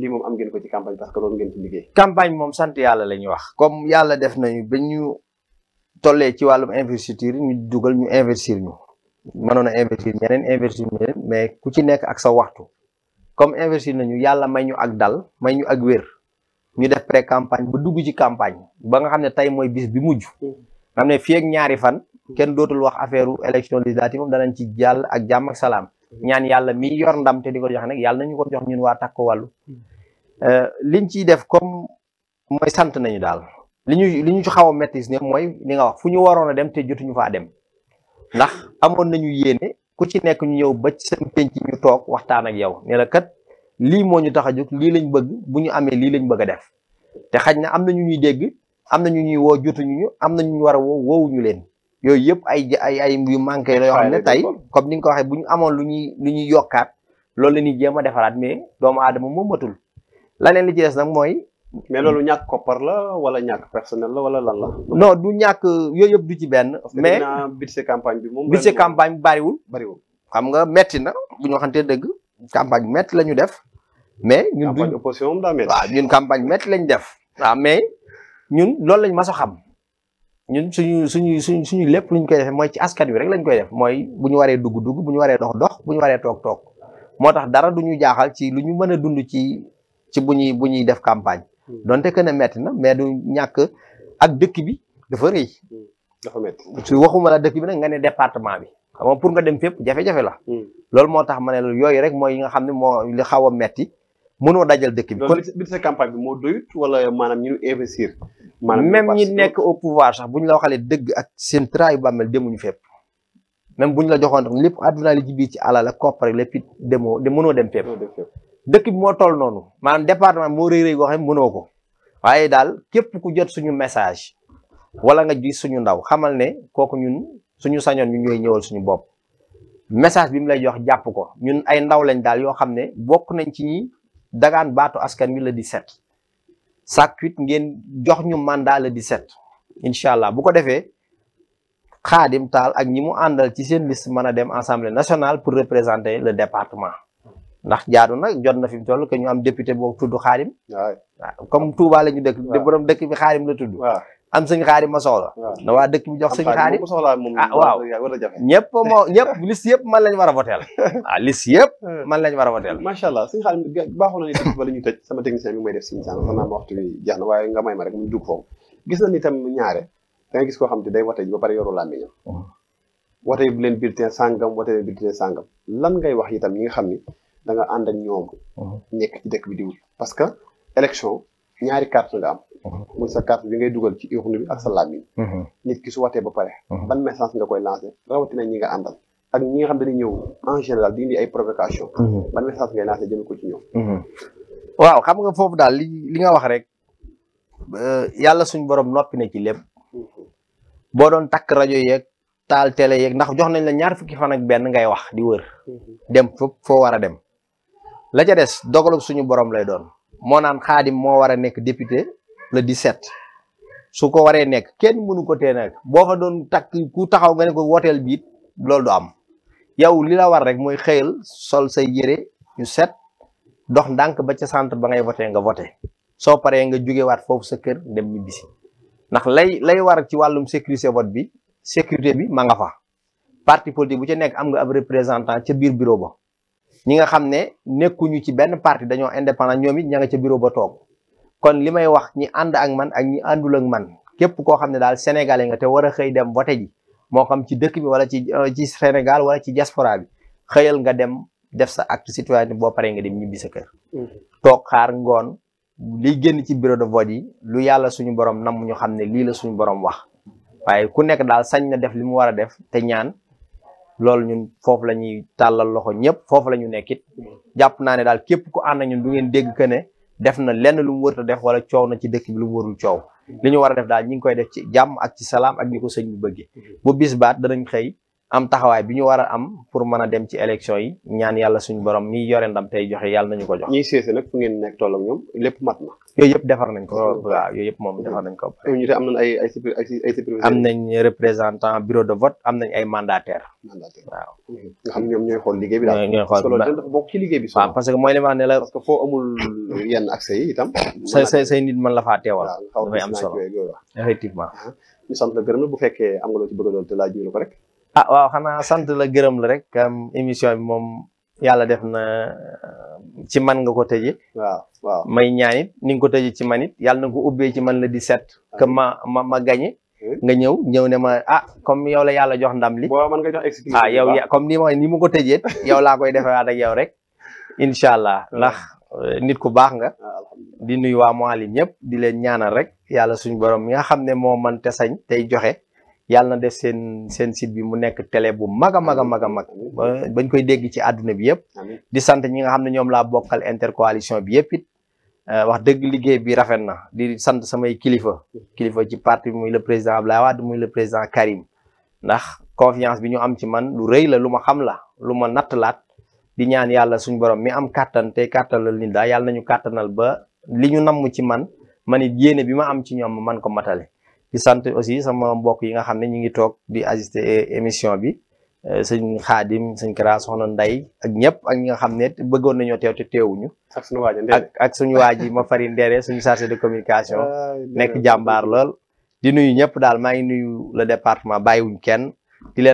lii moom am ngeen ko ci campagne parce que doon ngeen ci liggéey. campagne moom sant yàlla la ñuy wax. comme yàlla def nañu ba ñu tollee ci wàllum investiture ñu dugal ñu investir ñu. mënoon a investir ñeneen investir mais ku ci nekk ak sa waxtu comme investir nañu yàlla may ñu ak dal may ñu ak wér ñu def pré campagne ba dugg ci campagne ba nga xam ne tey mooy bis bi mujj. Hmm. nga xam ne fii ñaari fan. Hmm. kenn dootul wax affaire élection législative moom danañ ci jàll ak jàmm salaam. Hmm. ñaan yàlla mi yor ndam te di ko jox nag yàlla ko jox ñun waa takku wàllu Euh, liñ ciy def comme mooy sant nañu daal li ñu li ñu ci xaw a méttis ne mooy li nga wax fu ñu waroon a dem te jotuñu faa dem ndax amoon nañu yéene ku ci nekk ñu ñëw ba ci ñu toog waxtaan ak yow ne la kat lii moo ñu tax a jóg lii lañ bëgg bu ñu amee lii lañ bëgg a def te xaj na am na ñu ñuy dégg am na ñu ñuy woo jotuñu ñu am na ñu war a woo woowuñu leen yooyu yëpp ay ay ay yu manqué la yoo xam ne tey comme ni nga ko waxee bu ñu amoon lu ñuy lu ñuy yokkaat loolu la ñuy jéem a defaraat mais doomu aadama moom matul laneen li ci des nag mooy. mais loolu ñàkk koppar la wala ñàkk personnel la wala lan la. non du ñàkk yooyu yëpp du ci benn. mais budget campagne bi moom. budget campagne bi bariwul bariwul. xam nga metti na bu ñu waxantee dëgg campagne bi metti la ñu def. mais ñun duñ campagne opposition moom daa metti. ñun campagne metti ñu def. waaw mais ñun loolu lañ mas a xam. ñun suñu suñu suñu suñu lépp luñ koy mooy ci askan wi rek lañ koy def mooy bu ñu waree dugg dugg bu ñu waree dox dox bu ñu waree toog toog moo tax dara du ñu jaaxal ci lu ñu mën dund ci ci bu ñuy bu ñuy def campagne hmm. donte que ne metti na mais du ñàkk ak dëkk bi dafa rëy. Hmm. dafa metti su waxuma la dëkk bi nag nga ne département bi. xam nga pour nga dem fépp jafe la. Hmm. loolu moo tax ma ne la yooyu rek mooy yi nga xam ne moo li xaw a metti mënoo dajal dëkk bi. kon campagne bi moo doyut wala maanaam ñu investir. même ñi nekk au pouvoir sax bu ñu la waxalee dëgg ak seen traay bàmmeel demuñu fépp. même bu ñu la joxoon lépp àdduna li ji ci alal a koppar lépp it demoo mënoo dem fépp. dëkk bi moo toll noonu maanaam département moo rëy rëy goo xam ne mënoo ko waaye daal képp ku jot suñu message wala nga gis suñu ndaw xamal ne kooku ñun suñu sañoon ñun ñooy ñëwal suñu bopp message bi mu lay jox jàpp ko ñun ay ndaw lañ daal yoo xam ne bokk nañ ci ñi dagaan baatu askan wi le 17 sàkkwit ngeen jox ñu mandat le 17 incha allah bu ko defee Khadim taal ak ñi mu àndal ci seen liste mën a dem assemblée nationale pour représenter le département ndax jaadu nag jot na fi mu toll que am député boobu tudd xaarim waaw comme Touba la ñu dëkk de borom dëkk bi xaarim la tudd am sëñ xaarim ma soxla na waa dëkk bi jox sëñ xaarim ah waaw ñëpp moo ñëpp liste yëpp man lañ war a voteel waaw ah, yëpp hmm. man lañ war a voteel macha allah sëñ xaarim baaxoon na ni ba la ñu tëj sama technicien bi may def siñ san waaye nga may ma rek mu dugg foofu gis na ni tam ñaare da nga gis koo xam te day wote ji ba pare yoru làmmiñam hmm. wote leen bulletin sàngam wote leen bulletin sàngam lan ngay wax itam ñi nga xam ni da nga ànd ak ñoom. Mhm. nekk ci dëkk bi di parce que élection ñaari carte nga am. Mhm. muy sa carte bi ngay dugal ci urne bi ak sa làmmiñ. Mhm. nit ki su watee ba pare. ban message nga koy lancé rawatina ñi nga àndal. ak ñi nga xam ne dañuy ñëw en général di indi ay provocation. ban message ngay lancé jëme ko ci ñoom. waaw xam nga foofu daal li li nga wax rek. yàlla suñ borom noppi na ci lépp. boo doon takk rajo yeeg. taal télé yeeg ndax jox nañ la ñaar fukki fan ak benn ngay wax di wër. dem fépp foo war a dem. la ca des dogalub suñu borom lay doon moo naan xaadim moo war a nekk député la di set su ko waree nekk kenn mënu ko tee nekk boo fa doon takk ku taxaw nga ne ko woteel biit loolu du am yow li la war rek mooy xëyal sol say yére ñu set dox ndànk ba ca centre ba ngay voté nga voté soo paree nga jógewaat foofu sa kër dem ñibbisi ndax lay lay war ci wàllum sécurité vote bi sécurité bi ma nga fa parti politique bu ca nekk am nga ab représentant ca biir bureau ba ñi nga xam ne nekkuñu ci benn parti dañoo indépendant ñoom it ña nga ca bureau ba toog kon li may wax ñi ànd ak man ak ñi àndul ak man képp koo xam ne daal sénégalais nga te war a xëy dem vote ji moo xam ci dëkk bi wala ci euh, ci Sénégal wala ci diaspora bi xëyal nga dem def sa acte citoyen boo paree nga dem ñibbi sa kër. Mm-hmm. toog xaar ngoon li génn ci bureau de vote yi lu yàlla suñu borom nam ñu xam ne lii la suñu borom wax waaye ku nekk daal sañ na def li mu war a def te loolu ñun foofu la ñuy tàllal loxo ñëpp foofu la ñu nekkit jàpp naa ne daal képp ku ànd ñun du ngeen dégg que ne def na lenn lu mu def wala coow na ci dëkk bi lu mu warul coow li ñu war a def daal ñu ngi koy def ci jàmm ak ci salaam ak ni ko sëñ bi bëggee bu bis baat danañ xëy am taxawaay bi ñu war am pour mën a dem ci élection yi ñaan yàlla suñu borom mi yore ndam tey joxe yàlla nañu ko jox. ñiy séese nag fu ngeen nekk toll ñoom lépp mat na. yooyu yëpp defar nañ ko. Oh, waaw yëpp moom defar nañ ko. ñu te am nañ ay ay ay am nañ représentant bureau de vote am nañ ay mandataire mandataire waaw. nga xam ñoom ñooy xool liggéey bi solo bokk ci liggéey bi. waaw parce que mooy li ma wax ne la. parce que foo amul yenn accès yi say nit man la faa teewal. dafay am solo ah, bu fekkee am nga loo ci bëgg a te laaj ñu ko rek a ah, waaw xanaa sant la gërëm la rek am émission bi moom yàlla def na euh, ci man nga ko tëjee. waaw may ñaanit ni nga ko tëjee ci man it yàlla na ko ubbee ci man la di set. ma ma ma gagné. nga ñëw ñëw ne ma ah comme yow la yàlla jox ndam li. boo mën nga jox excuse ah yow comme ni ma ni mu ko tëjee yow laa koy defewaat ak yow rek. incha allah ndax euh, nit ku baax nga. Ah, di nuyu waa Mouhalim ñëpp di leen ñaanal rek. yàlla suñu borom mi nga xam ne moo man te sañ tey joxe. yàlla na def seen seen site bi mu nekk télé bu mag a mag a mag a mag bañ koy dégg ci àdduna bi yëpp di sant ñi nga xam na ñoom laa bokkal intercoalition bi yëpp it euh, wax dëgg liggéey bi rafet na di sant samay kilifa kilifa ci parti muy le président Abdoulaye Wade muy le président Karim ndax confiance bi ñu am ci man lu rëy la lu ma xam la lu ma natt laat di ñaan yàlla suñu borom mi am kàttan te kàttanal nit daal yàlla nañu kàttanal ba li ñu namm ci man man it yéene bi ma am ci ñoom man ko matale di sant aussi sama mbokk yi nga xam ne ñu ngi toog di assister émission bi eh, sëñ xaadim sëñ Kara soxna nday ak ñëpp ak ñi nga xam ne bëggoon nañoo teew te teewuñu. ak suñu waa ak ak suñu waa ji ma fari Ndere suñu chargé de communication. nekk jàmbaar lool. di nuyu ñëpp daal maa ngi nuyu le département bàyyiwuñ kenn.